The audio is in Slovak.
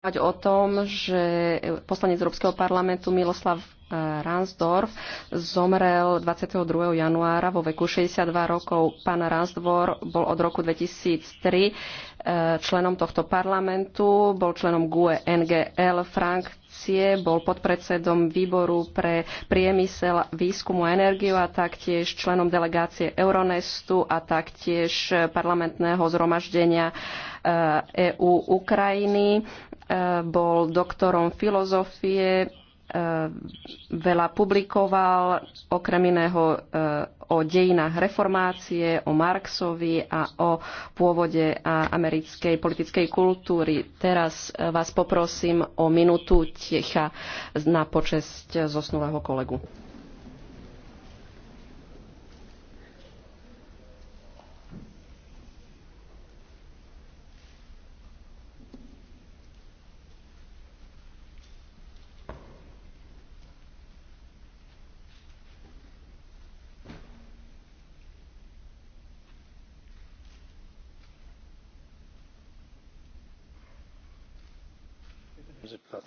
rozprávať o tom, že poslanec Európskeho parlamentu Miloslav e, Ransdorf zomrel 22. januára vo veku 62 rokov. Pán Ransdor bol od roku 2003 e, členom tohto parlamentu, bol členom GUE NGL Frank bol podpredsedom výboru pre priemysel, výskumu a energiu a taktiež členom delegácie Euronestu a taktiež parlamentného zhromaždenia EU e Ukrajiny. E, bol doktorom filozofie, e, veľa publikoval, okrem iného o dejinách reformácie, o Marxovi a o pôvode a americkej politickej kultúry. Teraz vás poprosím o minutu ticha na počesť zosnulého kolegu. Plac.